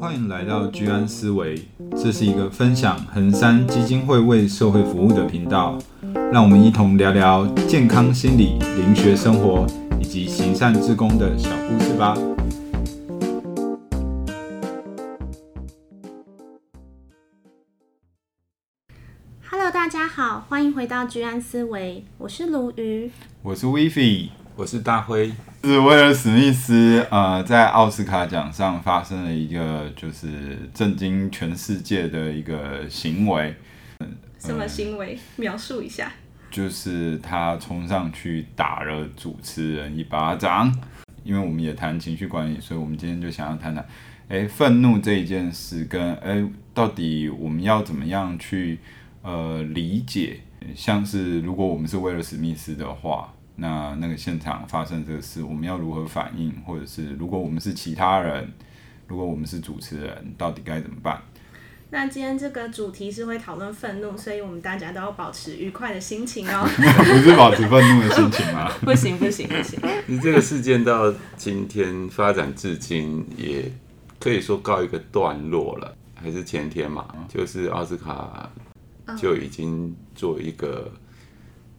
歡迎來到居安思微，這是一個分享衡山基金會為社會服務的頻道，讓我們一同聊聊健康心理、靈學生活以及行善積功的小故事吧。Hello，大家好，歡迎回到居安思微，我是魯魚，我是 Wee Fe。我是大輝，是威爾史密斯。呃，在奧斯卡獎上發生了一個就是震驚全世界的一個行為。呃、什麼行為？描述一下。就是他衝上去打了主持人一巴掌。因為我們也談情緒管理，所以我們今天就想要談談，誒、欸，憤怒這一件事跟，跟、欸、誒，到底我們要怎麼樣去呃理解？像是如果我們是威爾史密斯的話。那那個現場發生這個事，我們要如何反應？或者是如果我們是其他人，如果我們是主持人，到底該怎麼辦？那今天這個主題是會討論憤怒，所以我們大家都要保持愉快的心情哦。 不是保持憤怒的心情嗎？ 不行不行不行！你 這個事件到今天發展至今，也可以說告一個段落了，還是前天嘛，就是奧斯卡就已經做一個。Oh.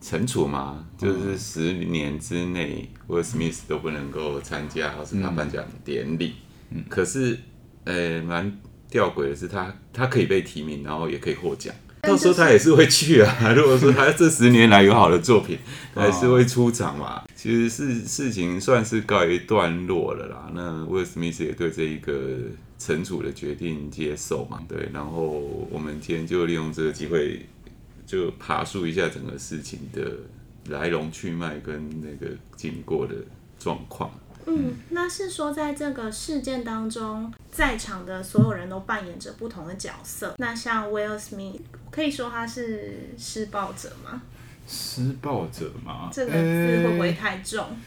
懲處嘛，就是十年之內，威爾、嗯、史密斯都不能夠參加奧斯卡頒獎典禮。嗯、可是，呃、欸，蠻弔詭的是他，他他可以被提名，然後也可以獲獎。到時候他也是會去啊。如果說他這十年來有好的作品，嗯、還是會出場嘛。嗯、其實事事情算是告一段落了啦。那威爾史密斯也對這一個懲處的決定接受嘛？對，然後我們今天就利用這個機會。就爬述一下整個事情的來龍去脈跟那個經過的狀況。嗯，嗯，那是說在這個事件當中，在場的所有人都扮演着不同的角色。那像 Will Smith，可以說他是施暴者嗎？施暴者嗎？這個字會不會太重？欸、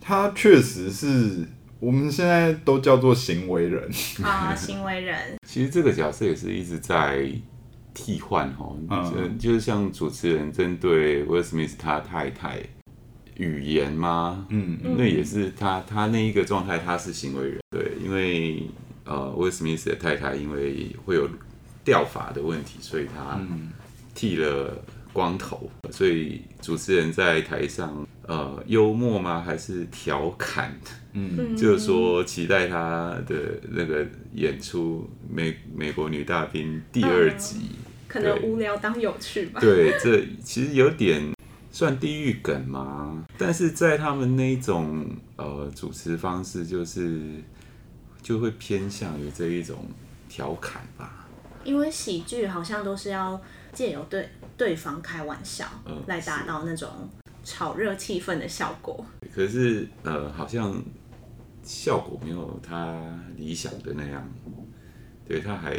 他確實是我們現在都叫做行為人啊，啊，行為人。 其實這個角色也是一直在。替換哈，就是像主持人針對威爾史密斯他太太語言嗎？嗯，嗯，那也是他他那一個狀態，他是行為人對，因為呃威爾史密斯的太太因為會有掉髮的問題，所以他剃了光頭，所以主持人在台上呃幽默嗎？還是調侃？嗯，就是說期待他的那個演出《美美國女大兵》第二集。嗯可能無聊當有趣吧。對。對，這其實有點算地獄梗嘛。但是在他們那一種呃主持方式，就是就會偏向於這一種調侃吧。因為喜劇好像都是要借由對對方開玩笑，嗯、呃，來達到那種炒熱氣氛的效果。可是呃，好像效果沒有他理想的那樣。對，他還。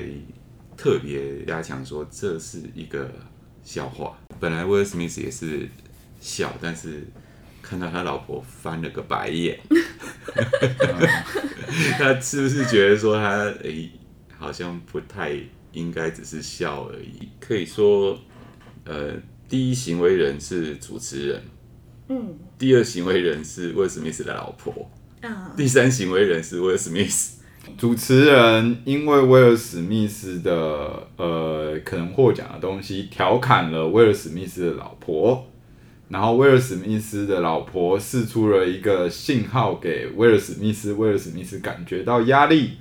特別加強說這是一個笑話，本來威爾史密斯也是笑，但是看到他老婆翻了個白眼，他是不是覺得說他誒、欸、好像不太應該只是笑而已？可以說，呃，第一行為人是主持人，嗯，第二行為人是威爾史密斯的老婆，第三行為人是威爾史密斯。主持人因為威爾史密斯的呃，可能獲獎的東西，調侃了威爾史密斯的老婆，然後威爾史密斯的老婆釋出了一個信號給威爾史密斯，威爾史密斯感覺到壓力，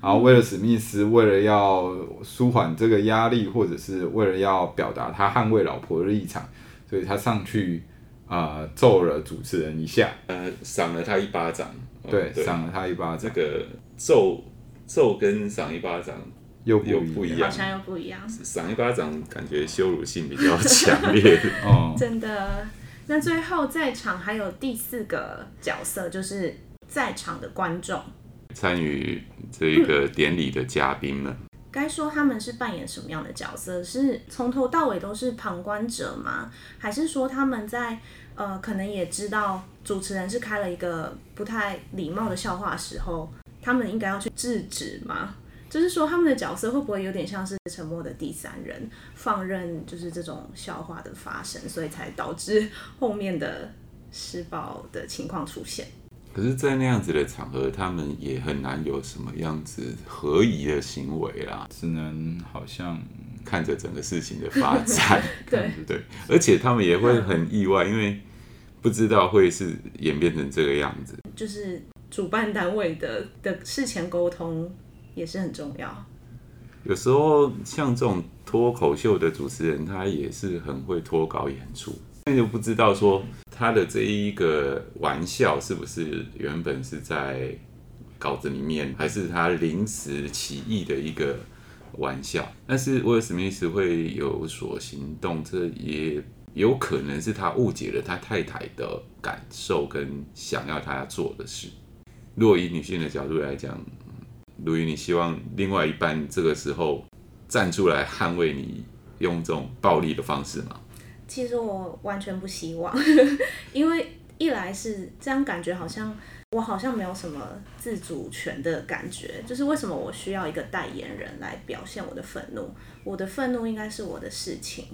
然後威爾史密斯為了要舒緩這個壓力，或者是為了要表達他捍衛老婆的立場，所以他上去啊揍，呃、了主持人一下，呃，賞了他一巴掌，嗯，對，對，賞了他一巴掌這個。揍揍跟賞一巴掌又又不一樣，好像又不一樣。賞一巴掌感覺羞辱性比較強烈。哦、 嗯，真的。那最後在場還有第四個角色，就是在場的觀眾，參與這一個典禮的嘉賓呢？該、嗯、說他們是扮演什麼樣的角色？是從頭到尾都是旁觀者嗎？還是說他們在呃，可能也知道主持人是開了一個不太禮貌的笑話的時候，他們應該要去制止嗎？就是說，他們的角色會不會有點像是沉默的第三人，放任就是這種笑話的發生，所以才導致後面的施暴的情況出現？可是，在那樣子的場合，他們也很難有什麼樣子合宜的行為啦，只能好像看着整個事情的發展，對 對，對，而且他們也會很意外，因為不知道會是演變成這個樣子，就是。主辦單位的的、的事前溝通也是很重要。有時候像這種脫口秀的主持人，他也是很會脫稿演出，那就不知道說他的這一個玩笑是不是原本是在稿子裡面，還是他臨時起意的一個玩笑。但是威爾史密斯會有所行動，這也有可能是他誤解了他太太的感受跟想要他要做的事。若以女性的角度來講，如果你希望另外一半這個時候站出來捍衛你，用這種暴力的方式嗎？其實我完全不希望呵呵，因為一來是這樣感覺好像我好像沒有什麼自主權的感覺，就是為什麼我需要一個代言人來表現我的憤怒？我的憤怒應該是我的事情。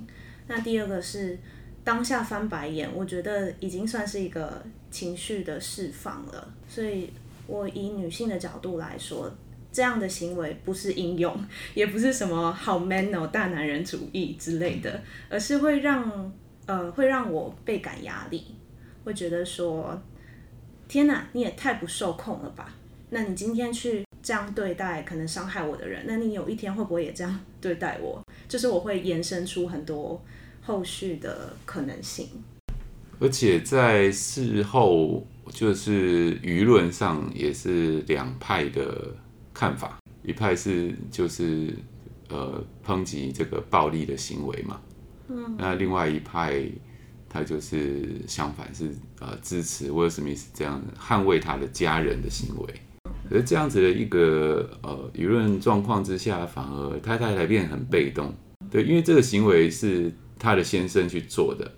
那第二個是當下翻白眼，我覺得已經算是一個情緒的釋放了，所以。我以女性的角度來說，這樣的行為不是英勇，也不是什麼好 man 哦、大男人主義之類的，而是會讓呃會讓我倍感壓力，會覺得說天哪、啊，你也太不受控了吧？那你今天去這樣對待可能傷害我的人，那你有一天會不會也這樣對待我？就是我會延伸出很多後續的可能性，而且在事後。就是輿論上也是兩派的看法，一派是就是呃抨擊這個暴力的行為嘛，嗯，那另外一派他就是相反是呃支持威爾史密斯這樣捍衛他的家人的行為。而這樣子的一個呃輿論狀況之下，反而太太來變得很被動，對，因為這個行為是他的先生去做的，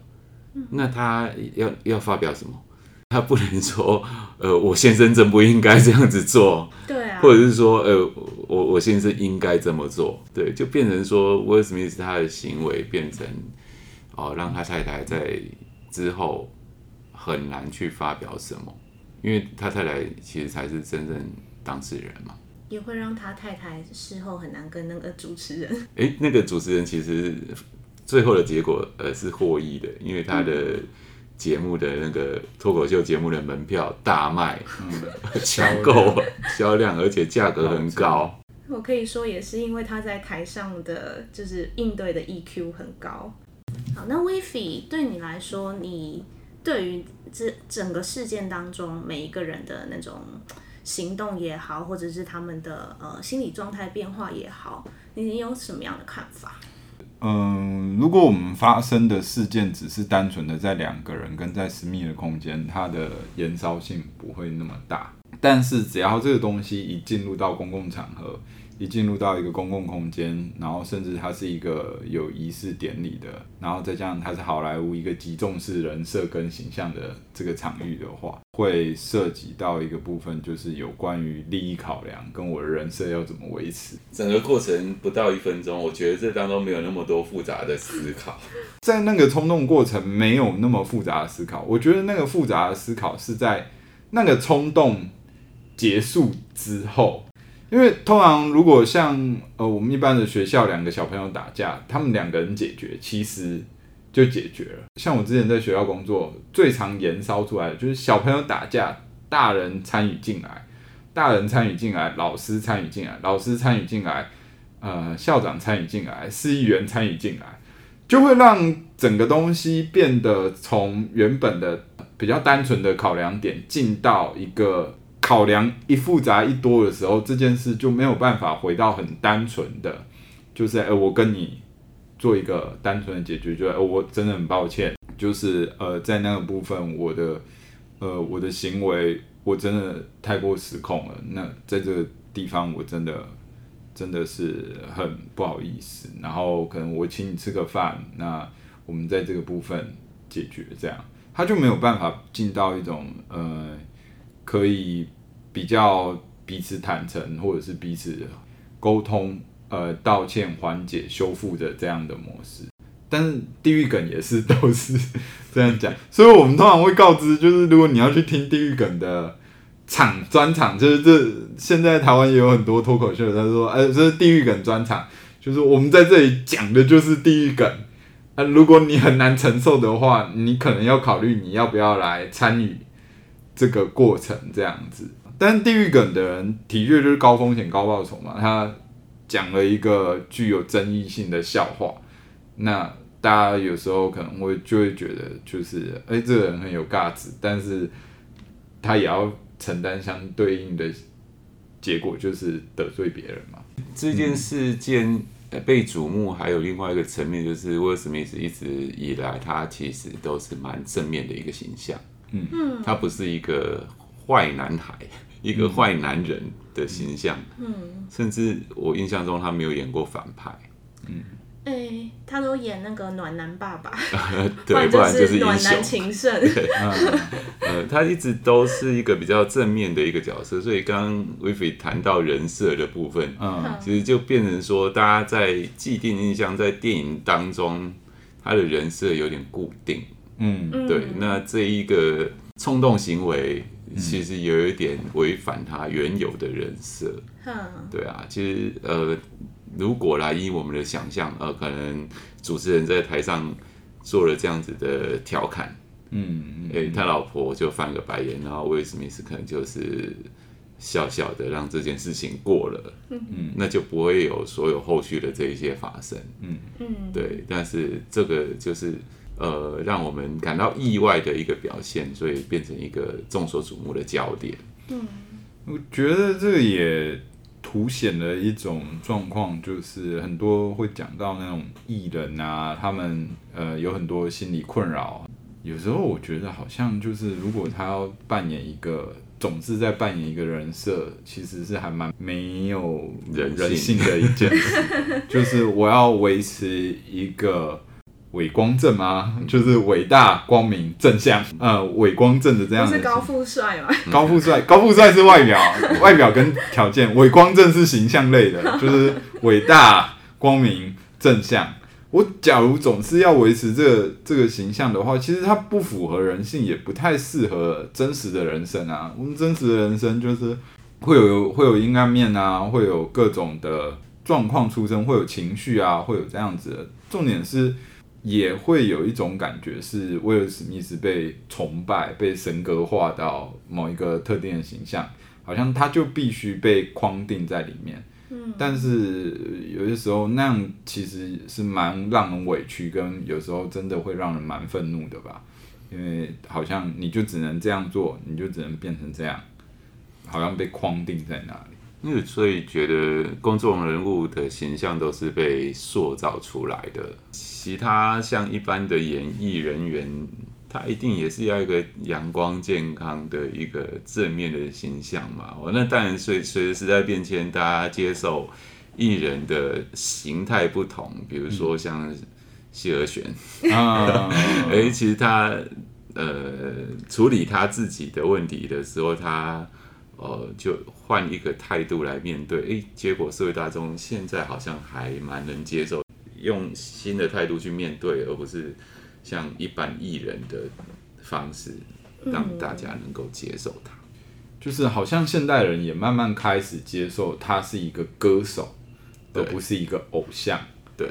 那他要要發表什麼？他不能說，呃，我先生真不應該這樣子做，對啊，或者是說，呃，我我先生應該這麼做，對，就變成說，威爾史密斯他的行為變成，哦，讓他太太在之後很難去發表什麼，因為他太太其實才是真正當事人嘛，也會讓他太太事後很難跟那個主持人，哎，那個主持人其實最後的結果，呃，是獲益的，因為他的。嗯節目的那個脫口秀節目的門票大賣，搶、嗯、購，銷 量， 而且價格很高。我可以說，也是因為他在台上的就是應對的 EQ 很高。好，那 WiFi 對你來說，你對於這整個事件當中每一個人的那種行動也好，或者是他們的呃心理狀態變化也好，你，你有什麼樣的看法？嗯，如果我們發生的事件只是單純的在兩個人跟在私密的空間，它的延燒性不會那麼大。但是只要這個東西一進入到公共場合，一進入到一個公共空間，然後甚至它是一個有儀式典禮的，然後再加上它是好萊塢一個極重視人設跟形象的這個場域的話，會涉及到一個部分，就是有關於利益考量，跟我的人設要怎麼維持。整個過程不到一分鐘，我覺得這當中沒有那麼多複雜的思考， 在那個衝動過程沒有那麼複雜的思考，我覺得那個複雜的思考是在那個衝動結束之後。因為通常如果像呃我們一般的學校，兩個小朋友打架，他們兩個人解決，其實就解決了。像我之前在學校工作，最常延燒出來的就是小朋友打架，大人參與進來，大人參與進來，老師參與進來，老師參與進來，呃校長參與進來，市議員參與進來，就會讓整個東西變得從原本的比較單純的考量點，進到一個。考量一複雜一多的時候，這件事就沒有辦法回到很單純的，就是，呃、欸，我跟你做一個單純的解決，就是欸，我真的很抱歉，就是，呃，在那個部分，我的，呃，我的行為，我真的太過失控了。那在這個地方，我真的真的是很不好意思。然後，可能我請你吃個飯，那我們在這個部分解決這樣，他就沒有辦法進到一種，呃，可以。比較彼此坦誠，或者是彼此溝通、呃道歉、緩解、修復的這樣的模式。但是地獄梗也是都是 這樣講，所以我們通常會告知，就是如果你要去聽地獄梗的場專場，就是這現在台灣也有很多脫口秀，他、就是、說：“呃，這、就是地獄梗專場，就是我們在這裡講的就是地獄梗。那、呃、如果你很難承受的話，你可能要考慮你要不要來參與這個過程，這樣子。”但地獄梗的人的確就是高風險高報酬嘛，他講了一個具有爭議性的笑話，那大家有時候可能會就會覺得就是，哎、欸，這個人很有價值，但是他也要承擔相對應的結果，就是得罪別人嘛。嗯、這件事件被矚目，還有另外一個層面就是，威爾史密斯一直以來他其實都是蠻正面的一個形象，嗯嗯，嗯他不是一個壞男孩。一個壞男人的形象，嗯，甚至我印象中他沒有演過反派，嗯，哎、嗯欸，他都演那個暖男爸爸， 對,對，不然就是暖男情聖，呃，他一直都是一個比較正面的一個角色，所以剛剛威飛談到人設的部分，嗯，其實就變成說大家在既定印象在電影當中他的人設有點固定，嗯，對，那這一個衝動行為。其實有一點違反他原有的人設，嗯、對啊，其實呃，如果來以我們的想象，呃，可能主持人在台上做了這樣子的調侃，嗯嗯，嗯、欸，他老婆就翻個白眼，然後威爾史密斯可能就是笑笑的讓這件事情過了，嗯嗯，那就不會有所有後續的這一些發生，嗯嗯，嗯對，但是這個就是。呃，讓我們感到意外的一個表現，所以變成一個眾所矚目的焦點。對我覺得這個也凸顯了一種狀況，就是很多會講到那種藝人啊，他們呃有很多心理困擾。有時候我覺得好像就是，如果他要扮演一個，總是在扮演一個人設，其實是還蠻沒有人性的一件事，人性 就是我要維持一個。偉光正嗎？就是偉大光明正向，呃，偉光正的這樣子是。是高富帥嗎？高富帥，高富帥是外表， 外表跟條件。偉光正是形象類的，就是偉大光明正向。我假如總是要維持這個、這個形象的話，其實它不符合人性，也不太適合真實的人生啊。我們真實的人生就是會有會有陰暗面啊，會有各種的狀況出生，會有情緒啊，會有這樣子的。重點是。也會有一種感覺，是威爾史密斯被崇拜、被神格化到某一個特定的形象，好像他就必須被框定在裡面。嗯，但是有些時候那樣其實是蠻讓人委屈，跟有時候真的會讓人蠻憤怒的吧，因為好像你就只能這樣做，你就只能變成這樣，好像被框定在那裡。那所以覺得公眾人物的形象都是被塑造出來的，其他像一般的演藝人員，他一定也是要一個陽光健康的一個正面的形象嘛。我那當然，所以隨着時代變遷，大家接受藝人的形態不同，比如說像謝爾玄，嗯、 其實他呃處理他自己的問題的時候，他。呃，就換一個態度來面對，誒、欸，結果社會大眾現在好像還蠻能接受，用新的態度去面對，而不是像一般藝人的方式，讓大家能夠接受他，嗯、就是好像現代人也慢慢開始接受他是一個歌手，對而不是一個偶像，對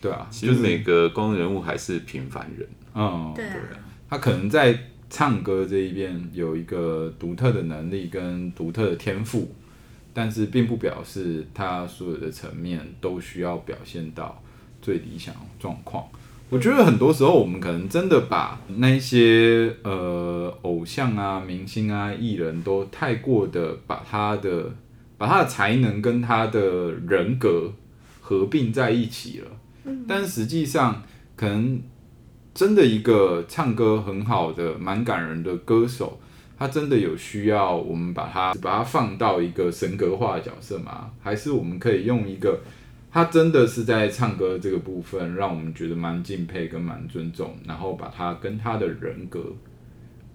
對啊，其實每個公眾人物還是平凡人，嗯，對，他可能在。唱歌這一邊有一個獨特的能力跟獨特的天賦，但是並不表示他所有的層面都需要表現到最理想狀況。我覺得很多時候我們可能真的把那些呃偶像啊、明星啊、藝人都太過的把他的把他的才能跟他的人格合併在一起了，但實際上可能。真的一個唱歌很好的、蠻感人的歌手，他真的有需要我們把他把他放到一個神格化的角色嗎？還是我們可以用一個他真的是在唱歌這個部分，讓我們覺得蠻敬佩跟蠻尊重，然後把他跟他的人格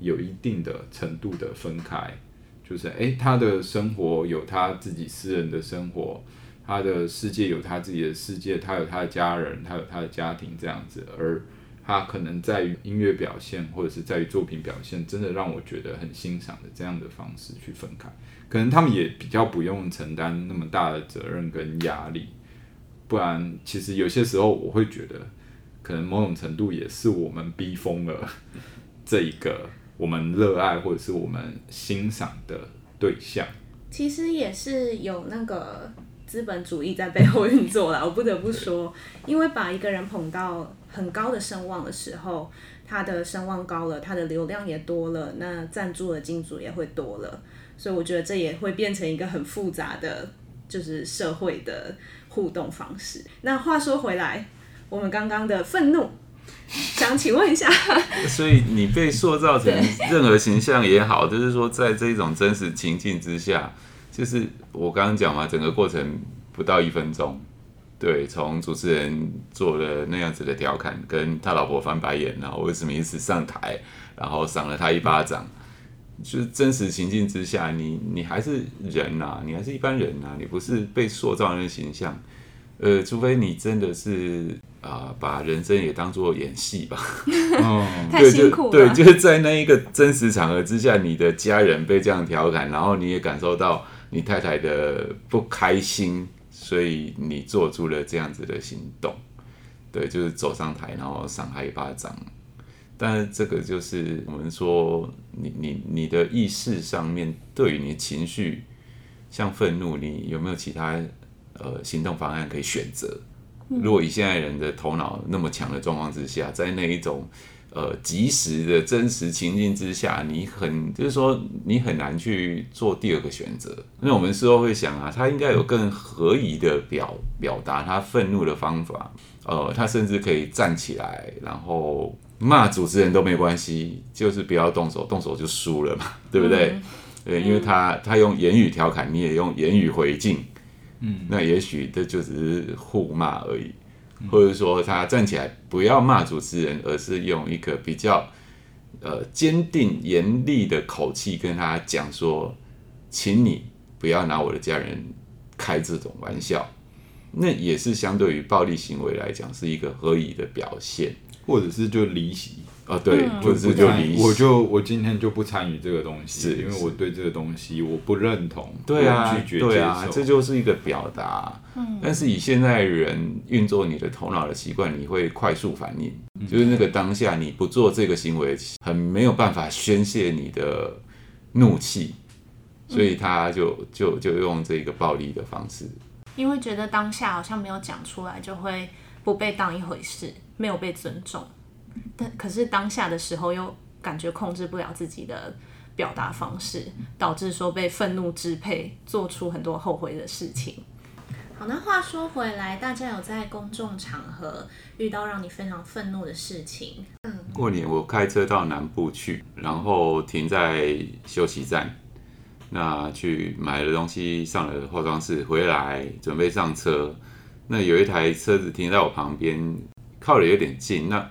有一定的程度的分開，就是誒，他的生活有他自己私人的生活，他的世界有他自己的世界，他有他的家人，他有他的家庭這樣子，而。他可能在於音樂表現，或者是在於作品表現，真的讓我覺得很欣賞的這樣的方式去分開。可能他們也比較不用承擔那麼大的責任跟壓力，不然其實有些時候我會覺得，可能某種程度也是我們逼瘋了這一個我們熱愛或者是我們欣賞的對象。其實也是有那個資本主義在背後運作了， 我不得不說，因為把一個人捧到，很高的聲望的時候，他的聲望高了，他的流量也多了，那贊助的金主也會多了，所以我覺得這也會變成一個很複雜的就是社會的互動方式。那話說回來，我們剛剛的憤怒，想請問一下，所以你被塑造成任何形象也好，對就是說在這種真實情境之下，就是我剛剛講嘛，整個過程不到一分鐘。對，從主持人做了那樣子的調侃，跟他老婆翻白眼，然後為什麼一直上台，然後賞了他一巴掌，就是真實情境之下，你你還是人吶、啊，你還是一般人吶、啊，你不是被塑造的形象，呃，除非你真的是啊、呃，把人生也當做演戲吧。哦， 太辛 苦了。對，就是在那一個真實場合之下，你的家人被這樣調侃，然後你也感受到你太太的不開心。所以你做出了這樣子的行動，對，就是走上台，然後賞他一巴掌。但是這個就是我們說你，你你你的意識上面對於你的情緒，像憤怒，你有沒有其他呃行動方案可以選擇？如果以現在人的頭腦那麼強的狀況之下，在那一種。呃，即時的真實情境之下，你很就是說，你很難去做第二個選擇。那我們事後會想啊，他應該有更合宜的表表達他憤怒的方法。呃，他甚至可以站起來，然後罵主持人都沒關係，就是不要動手，動手就輸了嘛，對不對？嗯、對，因為他、嗯、他用言語調侃，你也用言語回敬，嗯，那也許這就只是互罵而已。或者說他站起來，不要罵主持人，而是用一個比較呃堅定、嚴厲的口氣跟他講說：“請你不要拿我的家人開這種玩笑。”那也是相對於暴力行為來講，是一個合理的表現，或者是就離席。啊、哦，對，我就不，我就我今天就不參與這個東西，是是因為我對這個東西我不認同。對啊，拒絕接受，對啊，這就是一個表達。嗯，但是以現在人運作你的頭腦的習慣，你會快速反應，嗯、就是那個當下你不做這個行為，很沒有辦法宣洩你的怒氣，所以他就就就用這個暴力的方式。嗯、因為覺得當下好像沒有講出來，就會不被當一回事，沒有被尊重。但可是，當下的時候又感覺控制不了自己的表達方式，導致說被憤怒支配，做出很多後悔的事情。好，那話說回來，大家有在公眾場合遇到讓你非常憤怒的事情？嗯，過年我開車到南部去，然後停在休息站，那去買了東西，上了化妝室，回來準備上車，那有一台車子停在我旁邊，靠得有點近，那。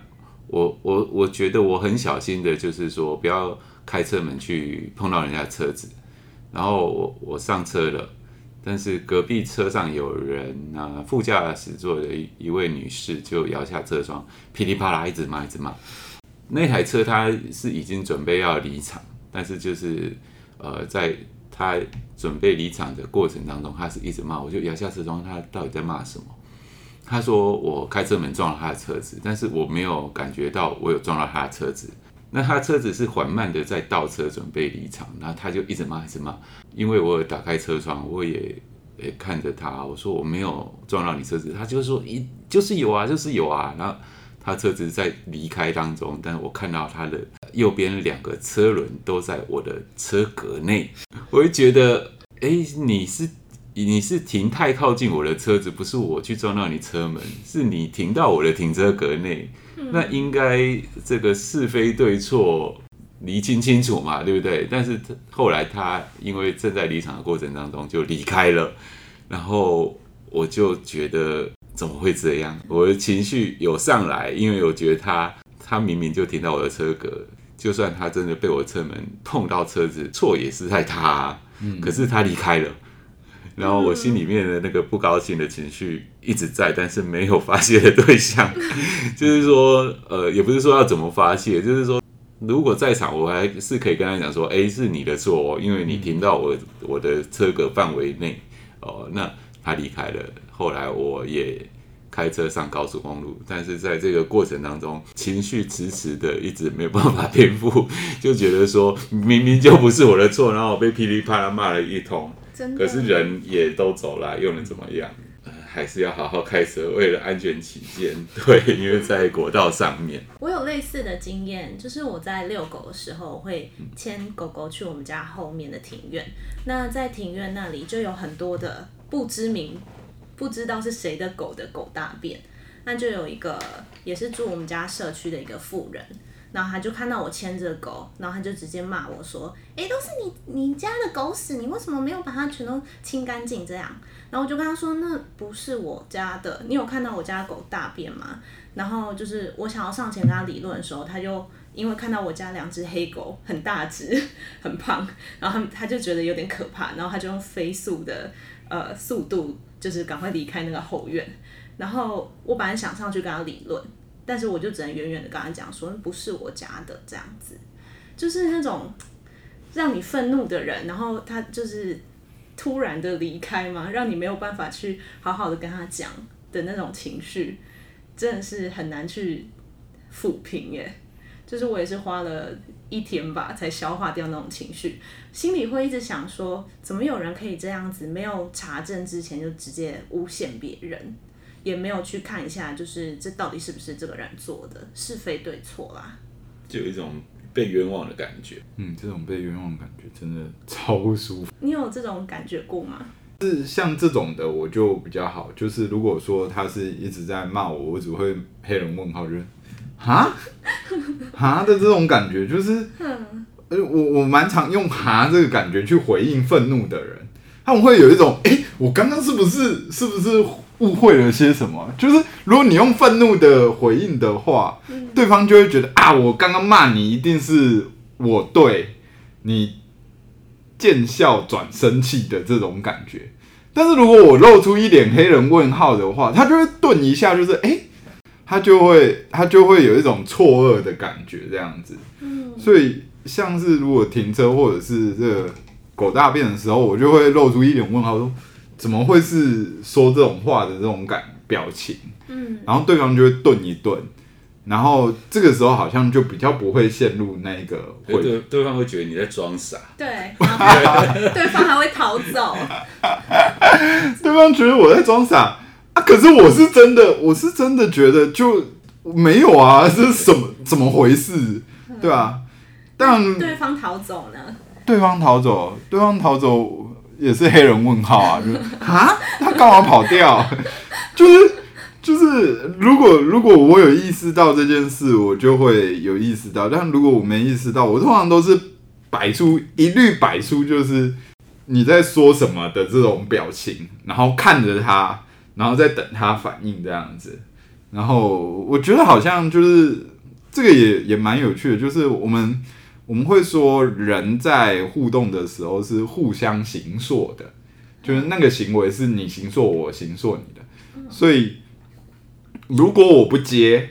我我我覺得我很小心的，就是說不要開車門去碰到人家車子，然後我我上車了，但是隔壁車上有人啊，副駕駛座的一一位女士就搖下車窗，噼里啪啦一直罵一直罵。那台車他是已經準備要離場，但是就是呃在他準備離場的過程當中，他是一直罵我，就搖下車窗，他到底在罵什麼？他說我開車門撞了他的車子，但是我沒有感覺到我有撞到他的車子。那他車子是緩慢的在倒車準備離場，那他就一直罵一直罵。因為我有打開車窗，我也也、欸、看着他，我說我沒有撞到你車子。他就說一、欸、就是有啊，就是有啊。然後他車子在離開當中，但是我看到他的右邊兩個車輪都在我的車格內，我就覺得哎、欸、你是。你是停太靠近我的車子，不是我去撞到你車門，是你停到我的停車格內。那應該這個是非對錯釐清清楚嘛，對不對？但是後來他因為正在離場的過程當中就離開了，然後我就覺得怎麼會這樣？我的情緒有上來，因為我覺得他他明明就停到我的車格，就算他真的被我車門碰到車子，錯也是在他。可是他離開了。然後我心裡面的那個不高興的情緒一直在，但是沒有發洩的對象，就是說，呃，也不是說要怎麼發洩，就是說，如果在場，我還是可以跟他講說，哎，是你的錯哦，因為你停到我我的車格範圍內，哦，那他離開了。後來我也開車上高速公路，但是在這個過程當中，情緒遲遲的一直沒有辦法平復，就覺得說，明明就不是我的錯，然後我被噼里啪啦罵了一通。可是人也都走了，又能怎麼樣？呃，還是要好好開車，為了安全起見。對，因為在國道上面。嗯、我有類似的經驗，就是我在遛狗的時候，會牽狗狗去我們家後面的庭院。嗯、那在庭院那裡，就有很多的不知名、不知道是誰的狗的狗大便。那就有一個，也是住我們家社區的一個婦人。然後他就看到我牽着狗，然後他就直接罵我說：“誒，都是你你家的狗屎，你為什麼沒有把它全都清乾淨？”這樣，然後我就跟他說：“那不是我家的，你有看到我家的狗大便嗎？”然後就是我想要上前跟他理論的時候，他就因為看到我家兩隻黑狗很大隻、很胖，然後他他就覺得有點可怕，然後他就用飛速的呃速度，就是趕快離開那個後院。然後我本來想上去跟他理論。但是我就只能遠遠的跟他講說，不是我家的這樣子，就是那種讓你憤怒的人，然後他就是突然的離開嘛，讓你沒有辦法去好好的跟他講的那種情緒，真的是很難去撫平耶。就是我也是花了一天吧，才消化掉那種情緒，心裡會一直想說，怎麼有人可以這樣子，沒有查證之前就直接誣陷別人。也沒有去看一下，就是這到底是不是這個人做的是非對錯啦，就有一種被冤枉的感覺。嗯，這種被冤枉的感覺真的超舒服。你有這種感覺過嗎？是像這種的，我就比較好。就是如果說他是一直在罵我，我只會黑人問號，就哈哈的這種感覺。就是 呃、我我蠻常用“蛤”這個感覺去回應憤怒的人，他們會有一種哎，我剛剛是不是是不是？誤會了些什麼？就是如果你用憤怒的回應的話，對方就會覺得啊，我剛剛罵你一定是我對你見笑轉生氣的這種感覺。但是如果我露出一臉黑人問號的話，他就會頓一下，就是誒、欸，他就會他就會有一種錯愕的感覺，這樣子。所以像是如果停車或者是這個狗大便的時候，我就會露出一臉問號說。怎麼會是說這種話的這種感表情？嗯，然後對方就會頓一頓，然後這個時候好像就比較不會陷入那個會，對，對，對方會覺得你在裝傻。對，對方還會逃走。 對方覺得我在裝傻，啊，可是我是真的，我是真的覺得就沒有啊，這是怎麼怎麼回事？對吧？啊？但對方逃走呢？對方逃走，對方逃走。也是黑人問號啊！哈，他幹嘛跑掉？就是就是，如果如果我有意識到這件事，我就會有意識到。但如果我沒意識到，我通常都是擺出一律擺出就是你在說什麼的這種表情，然後看着他，然後在等他反應這樣子。然後我覺得好像就是這個也也蠻有趣的，就是我們。我們會說，人在互動的時候是互相行作的，就是那個行為是你行作我行作你的，所以如果我不接，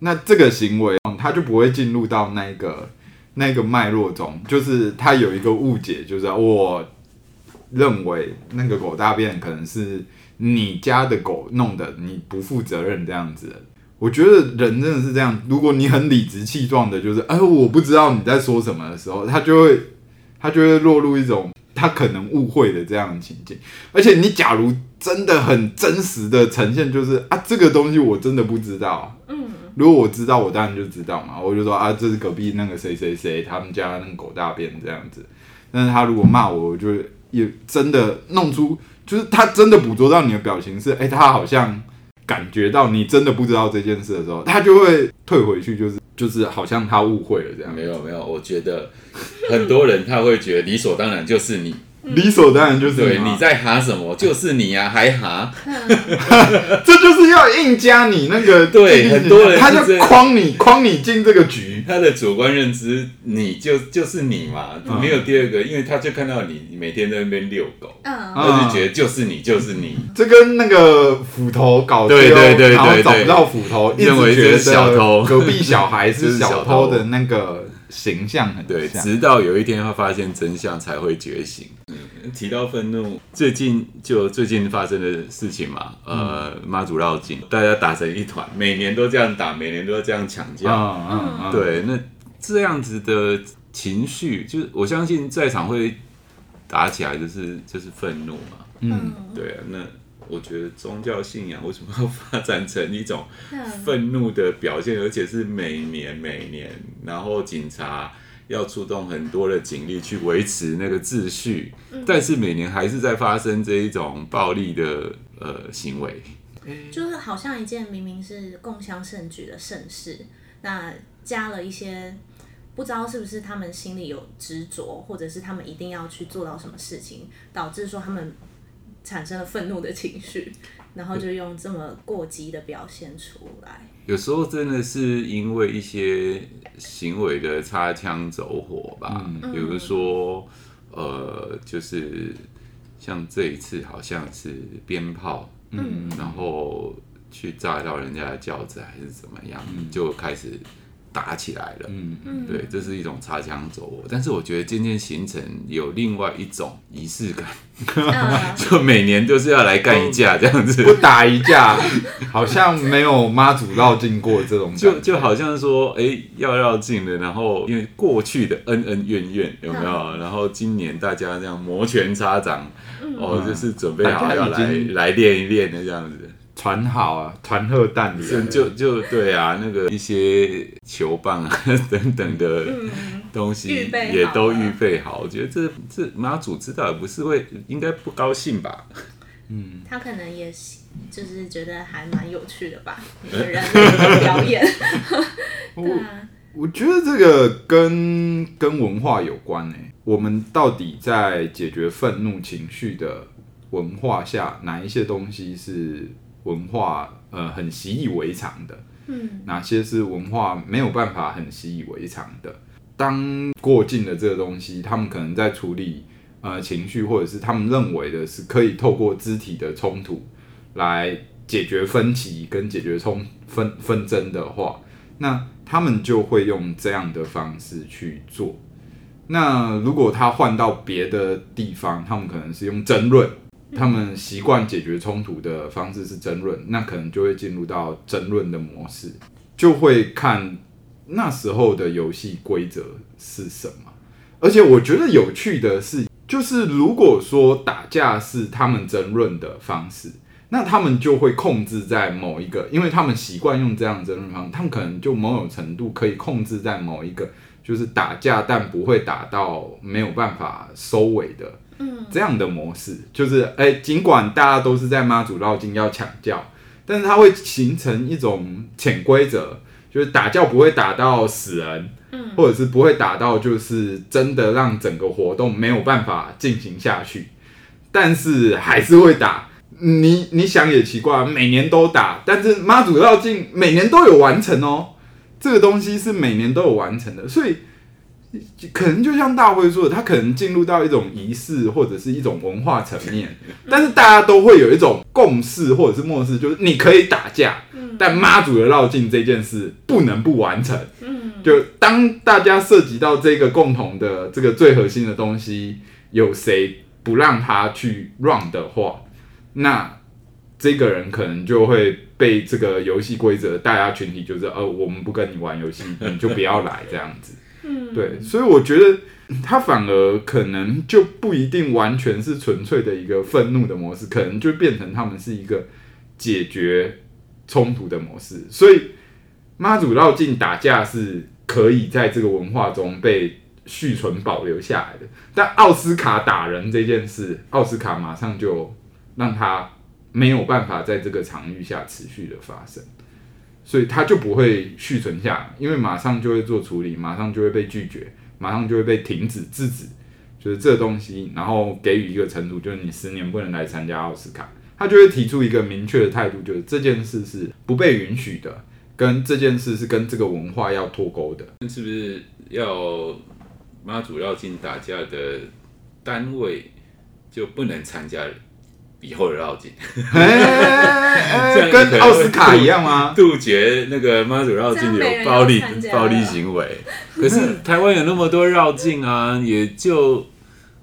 那這個行為它就不會進入到那個那個脈絡中，就是它有一個誤解，就是我認為那個狗大便可能是你家的狗弄的，你不負責任這樣子的。我覺得人真的是這樣，如果你很理直氣壯的，就是，哎、呃，我不知道你在說什麼的時候，他就會，他就會落入一種他可能誤會的這樣的情景。而且你假如真的很真實的呈現，就是啊，這個東西我真的不知道。嗯，如果我知道，我當然就知道嘛，我就說啊，這是隔壁那個誰誰誰他們家那個狗大便這樣子。但是他如果罵我，我就也真的弄出，就是他真的捕捉到你的表情是，哎、欸，他好像。感覺到你真的不知道這件事的時候，他就會退回去，就是，就是就是，好像他誤會了這樣。沒有沒有，我覺得很多人他會覺得理所當然，就是你。理所當然就是你，對，你在哈什麼？就是你呀，啊，還哈， 這就是要硬加你那個。對，很多人是他就框你，框你進這個局。他的主觀認知，你就就是你嘛，嗯，沒有第二個，因為他就看到你，你每天在那邊遛狗，他，嗯，就覺得就是你，就是你。這，嗯，跟那個斧頭搞丟，對對，對對對對，找不到斧頭，認為這是小偷，隔壁小孩是小偷的那個。形象很對，直到有一天他發現真相才會覺醒。嗯，提到憤怒，最近就最近發生的事情嘛，嗯、呃，媽祖繞境，大家打成一團，每年都這樣打，每年都要這樣吵架。哦嗯嗯、對，那這樣子的情緒，就是我相信在場會打起來、就是，就是就是憤怒嘛。嗯，對啊，那。我覺得宗教信仰為什麼要發展成一種憤怒的表現？而且是每年每年，然後警察要出動很多的警力去維持那個秩序，但是每年還是在發生這一種暴力的呃行為。就是好像一件明明是共襄盛舉的盛事，那加了一些不知道是不是他們心裡有執着，或者是他們一定要去做到什麼事情，導致說他們。產生了憤怒的情緒，然後就用這麼過激的表現出來。有時候真的是因為一些行為的擦槍走火吧，嗯、比如說，嗯、呃，就是像這一次好像是鞭炮，嗯，然後去炸到人家的轎子還是怎麼樣，嗯、就開始。打起來了，嗯嗯，對，這是一種擦槍走火，嗯、但是我覺得漸漸形成有另外一種儀式感，嗯、 就每年就是要來幹一架這樣子，嗯、不打一架 好像沒有媽祖繞境過這種，就就好像說，哎、欸，要繞境了，然後因為過去的恩恩怨怨有沒有？嗯、然後今年大家這樣摩拳擦掌，嗯、哦，就是準備好要來來練一練的這樣子。團好啊，團盒蛋裡、啊嗯、就就對啊，那個一些球棒啊 等等的東西也都預備好。嗯預備好啊、我覺得這這媽祖知道也不是會，應該不高興吧？嗯，他可能也是，就是覺得還蠻有趣的吧，一個人的表演。我我覺得這個跟跟文化有關呢、欸。我們到底在解決憤怒情緒的文化下，哪一些東西是？文化呃很習以為常的，嗯，哪些是文化沒有辦法很習以為常的？當過境了這個東西，他們可能在處理呃情緒，或者是他們認為的是可以透過肢體的衝突來解決分歧跟解決衝分紛爭的話，那他們就會用這樣的方式去做。那如果他換到別的地方，他們可能是用爭論。他們習慣解決衝突的方式是爭論，那可能就會進入到爭論的模式，就會看那時候的遊戲規則是什麼。而且我覺得有趣的是，就是如果說打架是他們爭論的方式，那他們就會控制在某一個，因為他們習慣用這樣的爭論方式，他們可能就某種程度可以控制在某一個，就是打架但不會打到沒有辦法收尾的。這樣的模式就是，哎、欸，儘管大家都是在媽祖繞境要搶轎，但是它會形成一種潛規則，就是打轎不會打到死人，嗯，或者是不會打到就是真的讓整個活動沒有辦法進行下去，但是還是會打。你你想也奇怪，每年都打，但是媽祖繞境每年都有完成哦，這個東西是每年都有完成的，所以。可能就像大衛說的，他可能進入到一種儀式或者是一種文化層面，但是大家都會有一種共識或者是漠視，就是你可以打架，但媽祖的繞境這件事不能不完成。就當大家涉及到這個共同的這個最核心的東西，有誰不讓他去 run 的話，那這個人可能就會被這個遊戲規則，大家群體就是哦、呃，我們不跟你玩遊戲，你就不要來這樣子。對，所以我覺得他反而可能就不一定完全是純粹的一個憤怒的模式，可能就變成他們是一個解決衝突的模式。所以媽祖繞境打架是可以在這個文化中被續存保留下來的，但奧斯卡打人這件事，奧斯卡馬上就讓他沒有辦法在這個場域下持續的發生。所以他就不會續存下，因為馬上就會做處理，馬上就會被拒絕，馬上就會被停止、制止，就是這東西，然後給予一個程度，就是你十年不能來參加奧斯卡，他就會提出一個明確的態度，就是這件事是不被允許的，跟這件事是跟這個文化要脫鈎的。那是不是要媽祖繞境打架的單位就不能參加了？以後的繞境，跟奧斯卡一樣嗎？杜絕那個媽祖繞境有暴力暴力行為。可是台灣有那麼多繞境啊，也就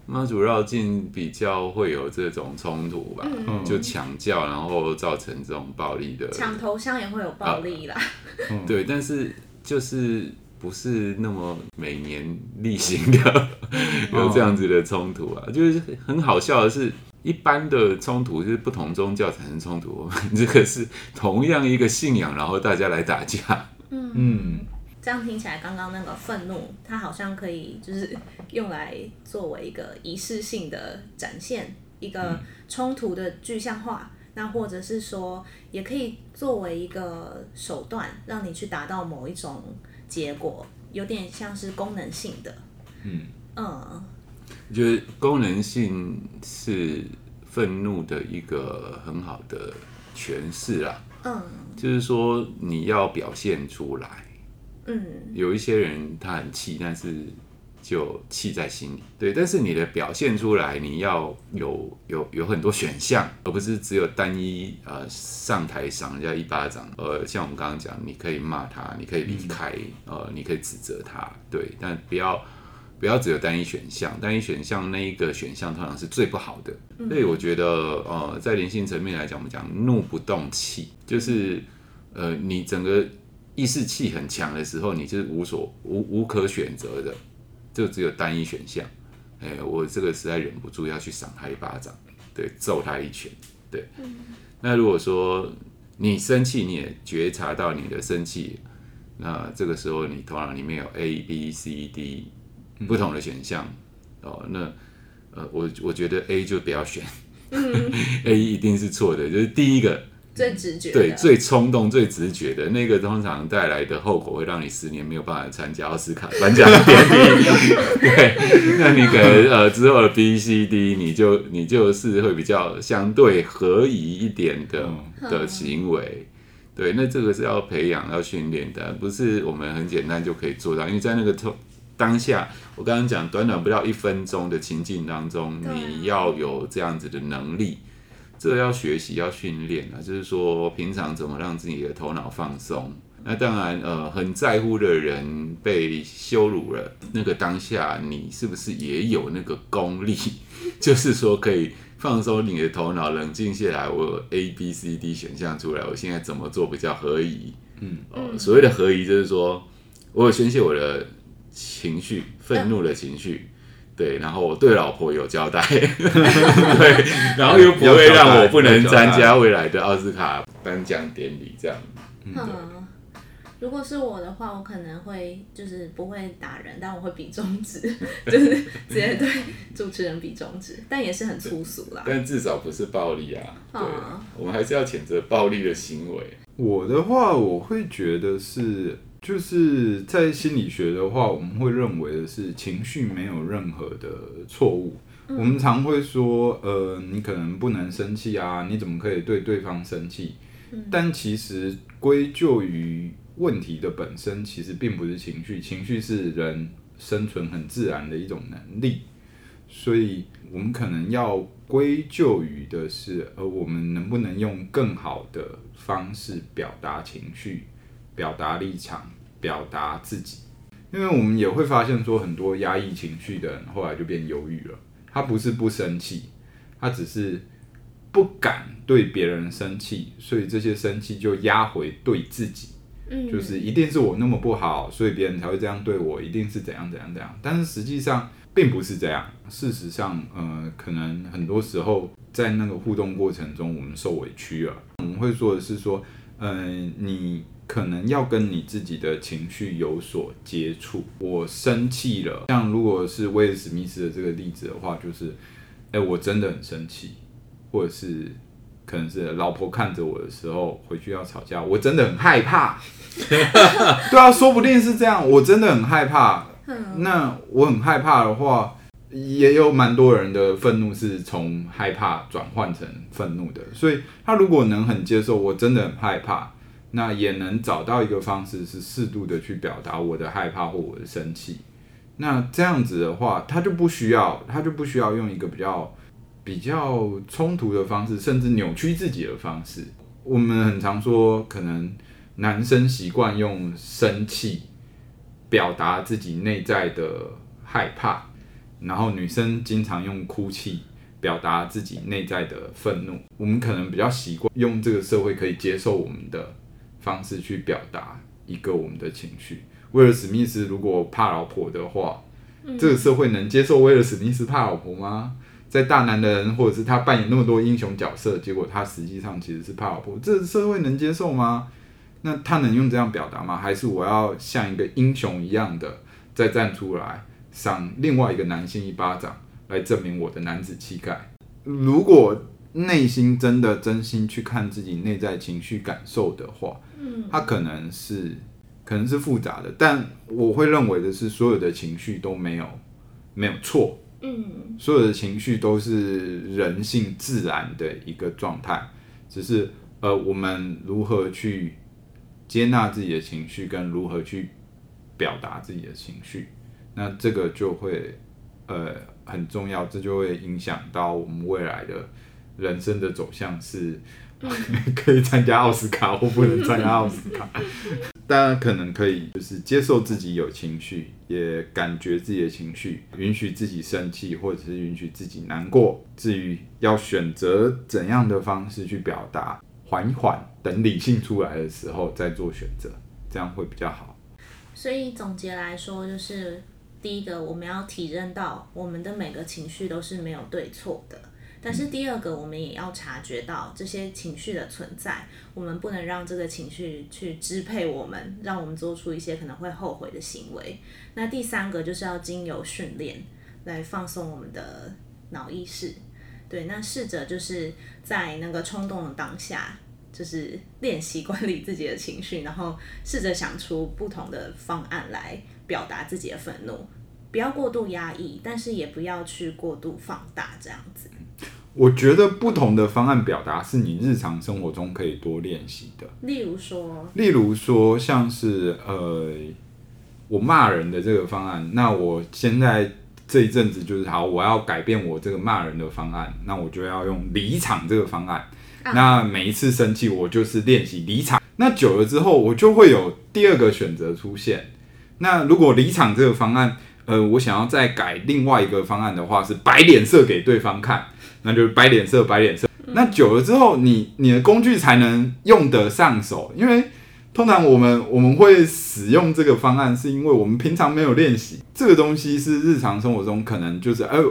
媽祖繞境比較會有這種衝突吧，就搶轎然後造成這種暴力的，搶頭香也會有暴力啦。對，但是就是不是那麼每年例行的有這樣子的衝突啊？就是很好笑的是。一般的衝突就是不同宗教產生衝突哦， 這個是同樣一個信仰，然後大家來打架。嗯，嗯。這樣聽起來，剛剛那個憤怒，它好像可以就是用來作為一個儀式性的展現，一個衝突的具象化。嗯，那或者是說，也可以作為一個手段，讓你去達到某一種結果，有點像是功能性的。嗯嗯。嗯就是功能性是憤怒的一個很好的詮釋啦。嗯，就是說你要表現出來。嗯，有一些人他很氣，但是就氣在心裡。對，但是你的表現出來，你要有有有很多選項，而不是只有單一呃上台賞人家一巴掌。呃，像我們剛剛講，你可以罵他，你可以離開，呃，你可以指責他，對，但不要。不要只有單一選項，單一選項那一個選項通常是最不好的。嗯、所以我覺得，呃，在靈性層面來講，我們講動怒不動氣，就是，呃，你整個意識氣很強的時候，你就是無所無無可選擇的，就只有單一選項。哎，我這個實在忍不住要去賞他一巴掌，對，揍他一拳，對。嗯、那如果說你生氣，你也覺察到你的生氣，那這個時候你頭腦裡面有 A、B、C、D。不同的選項哦，那呃，我我覺得 A 就不要選，嗯、 ，A 一定是錯的，就是第一個最直覺，對，最衝動、最直覺的那個，通常帶來的後果，會讓你十年沒有辦法參加奧斯卡頒獎典禮。 對，那你可能呃之後的 B、C、D，你就你就是會比較相對合宜一點的的行為。嗯、對，那這個是要培養、要訓練的，不是我們很簡單就可以做到，因為在那個當下，我剛剛講短短不到一分鐘的情境當中，你要有這樣子的能力，啊、這要學習要訓練啊。就是說，平常怎麼讓自己的頭腦放鬆？那當然，呃，很在乎的人被羞辱了，那個當下，你是不是也有那個功力？ 就是說，可以放鬆你的頭腦，冷靜下來。我有 A、B、C、D 選項出來，我現在怎麼做比較合宜？嗯，呃、嗯，所謂的合宜，就是說我有宣泄我的情緒，憤怒的情緒，啊、對，然後我對老婆有交代，啊、 對，然後又不會讓我不能參加未來的奧斯卡頒獎典禮這樣。嗯，對如果是我的話，我可能會就是不會打人，但我會比中指，就是直接對主持人比中指，但也是很粗俗啦。但至少不是暴力啊。對啊，我們還是要譴責暴力的行為。我的話，我會覺得是。就是在心理學的話，我們會認為的是情緒沒有任何的錯誤。我們常會說，呃，你可能不能生氣啊，你怎麼可以對對方生氣？但其實歸咎於問題的本身，其實並不是情緒，情緒是人生存很自然的一種能力。所以，我們可能要歸咎於的是，而我們能不能用更好的方式表達情緒？表達立場，表達自己，因為我們也會發現說，很多壓抑情緒的人，後來就變憂鬱了。他不是不生氣，他只是不敢對別人生氣，所以這些生氣就壓回對自己。嗯，就是一定是我那麼不好，所以別人才會這樣對我，一定是怎樣怎樣怎樣。但是實際上並不是這樣。事實上，嗯，呃，可能很多時候在那個互動過程中，我們受委屈了，我們會說的是說，嗯，呃，你。可能要跟你自己的情緒有所接觸。我生氣了，像如果是威爾史密斯的這個例子的話，就是，哎、欸，我真的很生氣，或者是可能是老婆看着我的時候回去要吵架，我真的很害怕。 對啊，說不定是這樣，我真的很害怕。 那我很害怕的話，也有蠻多人的憤怒是從害怕轉換成憤怒的。所以他如果能很接受，我真的很害怕。那也能找到一個方式，是適度的去表達我的害怕或我的生氣。那這樣子的話，他就不需要，他就不需要用一個比較、比較衝突的方式，甚至扭曲自己的方式。我們很常說，可能男生習慣用生氣表達自己內在的害怕，然後女生經常用哭泣表達自己內在的憤怒。我們可能比較習慣用這個社會可以接受我們的。方式去表達一個我們的情緒。威爾史密斯如果怕老婆的話，嗯、這個社會能接受威爾史密斯怕老婆嗎？在大男人，或者是他扮演那麼多英雄角色，結果他實際上其實是怕老婆，這個社會能接受嗎？那他能用這樣表達嗎？還是我要像一個英雄一樣的再站出來，賞另外一個男性一巴掌，來證明我的男子氣概？如果內心真的真心去看自己內在情緒感受的話，嗯，它可能是可能是複雜的，但我會認為的是，所有的情緒都沒有沒有錯，嗯，所有的情緒都是人性自然的一個狀態，只是呃，我們如何去接納自己的情緒，跟如何去表達自己的情緒，那這個就會呃很重要，這就會影響到我們未來的。人生的走向是可以參加奧斯卡或不能參加奧斯卡，大家可能可以就是接受自己有情緒，也感覺自己的情緒，允許自己生氣或者是允許自己難過。至於要選擇怎樣的方式去表達，緩一緩，等理性出來的時候再做選擇，這樣會比較好。所以總結來說，就是第一個，我們要體認到我們的每個情緒都是沒有對錯的。嗯。但是第二個，我們也要察覺到這些情緒的存在，我們不能讓這個情緒去支配我們，讓我們做出一些可能會後悔的行為。那第三個就是要經由訓練來放鬆我們的腦意識，對，那試着就是在那個衝動的當下，就是練習管理自己的情緒，然後試着想出不同的方案來表達自己的憤怒，不要過度壓抑，但是也不要去過度放大這樣子。我覺得不同的方案表達是你日常生活中可以多練習的。例如說，例如說，像是呃，我罵人的這個方案，那我現在這一陣子就是好，我要改變我這個罵人的方案，那我就要用離場這個方案。那每一次生氣，我就是練習離場。那久了之後，我就會有第二個選擇出現。那如果離場這個方案，呃，我想要再改另外一個方案的話，是擺臉色給對方看。那就是擺臉色，擺臉色。那久了之後你，你你的工具才能用得上手。因為通常我們我們會使用這個方案，是因為我們平常沒有練習這個東西。是日常生活中可能就是，哎、呃，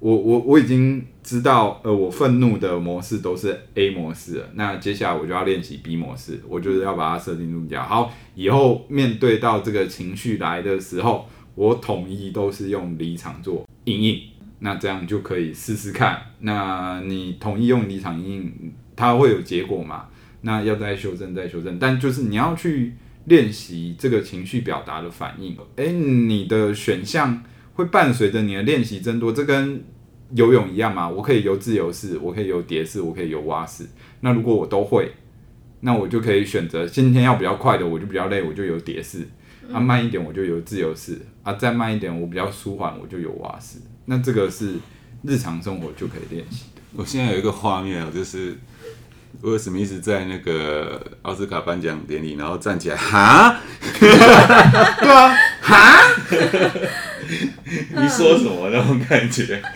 我我我已經知道，呃，我憤怒的模式都是 A 模式了。那接下來我就要練習 B 模式，我就是要把它設定住掉。好，以後面對到這個情緒來的時候，我統一都是用離場做因應。那這樣就可以試試看。那你同意用立場因應，它會有結果嘛？那要再修正，再修正。但就是你要去練習這個情緒表達的反應。誒，你的選項會伴隨着你的練習增多。這跟游泳一樣嘛？我可以游自由式，我可以游蝶式，我可以游蛙式，式。那如果我都會，那我就可以選擇今天要比較快的，我就比較累，我就游蝶式；啊，慢一點我就游自由式；啊，再慢一點我比較舒緩，我就游蛙式。那這個是日常生活就可以練習的。我現在有一個畫面啊，就是威爾史密斯在那個奧斯卡頒獎典禮，然後站起來，哈， 對啊， 哈， 你說什麼那種感覺？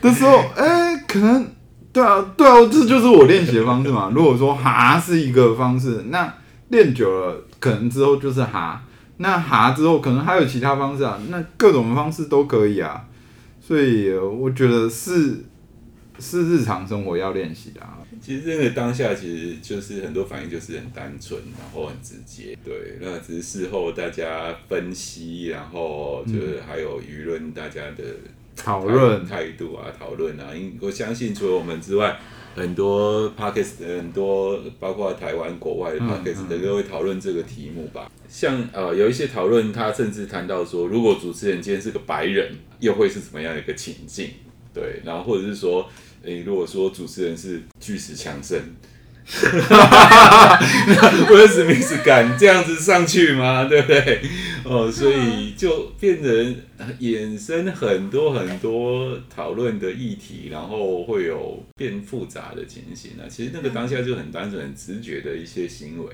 bonded 的時候，哎、欸，可能對啊，對啊對，這就是我練習的方式嘛。如果說哈、啊、是一個方式，那練久了，可能之後就是哈、啊。那哈、啊、之後，可能還有其他方式啊。那各種方式都可以啊。對呀，我覺得是是日常生活要練習的啊。其實這個當下，其實就是很多反應就是很單純，然後很直接。對，那只是事後大家分析，然後就是還有輿論大家的討論態度啊，討論，討論啊。因我相信，除了我們之外，很多 podcast 很多包括台灣、國外 podcast，嗯嗯，都會討論這個題目吧。像呃有一些討論，他甚至談到說，如果主持人今天是個白人，又會是怎麼樣一個情境？對，然後或者是說，誒、欸，如果說主持人是巨石強森，哈，威爾史密斯敢這樣子上去嗎？對不對？哦，所以就變成衍生很多很多討論的議題，然後會有變複雜的情形、啊。其實那個當下就很單純、很直覺的一些行為。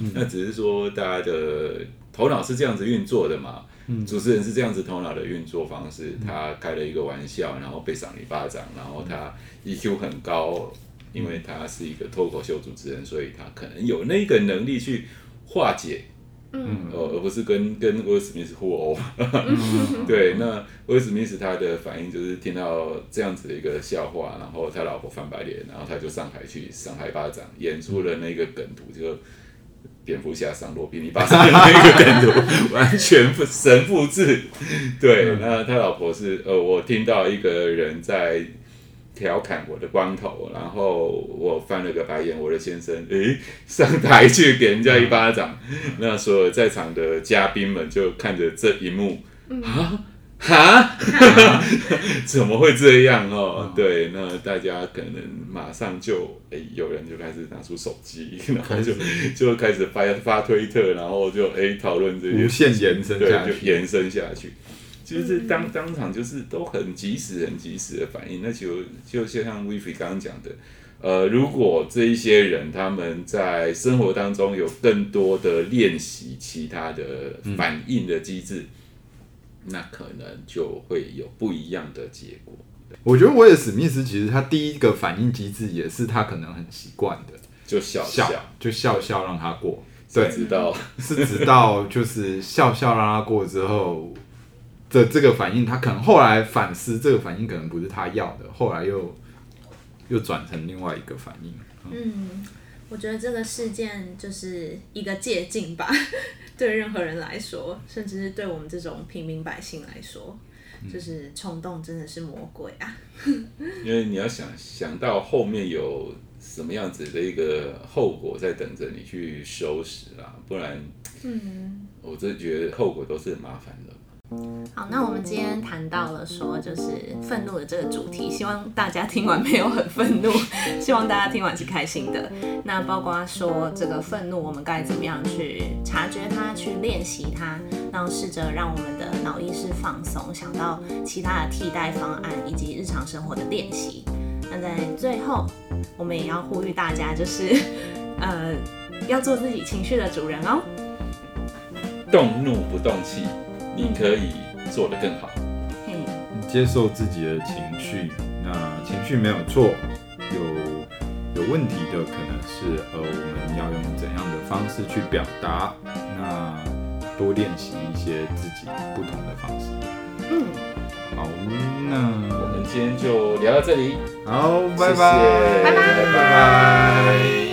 嗯、那只是說大家的頭腦是這樣子運作的嘛？嗯、主持人是這樣子頭腦的運作方式。嗯、他開了一個玩笑，然後被賞了一巴掌，然後他 EQ 很高，嗯、因為他是一個脫口秀主持人，所以他可能有那個能力去化解，嗯，哦，而不是跟跟威爾史密斯互毆。 嗯、對，那威爾史密斯他的反應就是聽到這樣子的一個笑話，然後他老婆翻白臉，然後他就上台去上台巴掌，演出了那個梗圖就。蝙蝠俠上羅賓，尼巴，上面那個動作 完全神複制，對，嗯、那他老婆是呃，我聽到一個人在調侃我的光頭，然後我翻了個白眼，我的先生，誒、欸，上台去給人家一巴掌，嗯、那所有在場的嘉賓們就看着這一幕啊。嗯哈，哈哈，啊、 怎麼會這樣哦？對，那大家可能馬上就誒、欸，有人就開始拿出手機，然後就是就開始發發推特，然後就誒討論這些，無限延伸下去，對，就延伸下去。其實、嗯嗯、當當場就是都很及時、很及時的反應。那就就像像威飛剛剛講的，呃，如果這一些人、嗯、他們在生活當中有更多的練習，其他的反應的機制。嗯那可能就會有不一樣的結果。我覺得威爾史密斯其實他第一個反應機制也是他可能很習慣的，就笑笑，笑就笑笑讓他過。就對，直到是，是直到就是笑笑讓他過之後 這這個反應，他可能後來反思這個反應可能不是他要的，後來又又轉成另外一個反應。嗯，嗯，我覺得這個事件就是一個借鏡吧。對任何人來說，甚至是對我們這種平民百姓來說，嗯、就是衝動真的是魔鬼啊！ 因為你要想想到後面有什麼樣子的一個後果在等着你去收拾啊，不然，嗯，我就覺得後果都是很麻煩的。好，那我們今天談到了說就是憤怒的這個主題，希望大家聽完沒有很憤怒，希望大家聽完是開心的。那包括說這個憤怒，我們該怎麼樣去察覺它，去練習它，然後試着讓我們的腦意識放鬆，想到其他的替代方案，以及日常生活的練習。那在最後，我們也要呼籲大家，就是呃，要做自己情緒的主人哦，動怒不動氣。你可以做得更好，嗯，接受自己的情緒，那情緒沒有錯，有有問題的可能是呃，我們要用怎樣的方式去表達？那多練習一些自己不同的方式，嗯，好，那我們今天就聊到這裡，好，拜拜，謝謝，拜拜，拜拜。拜拜。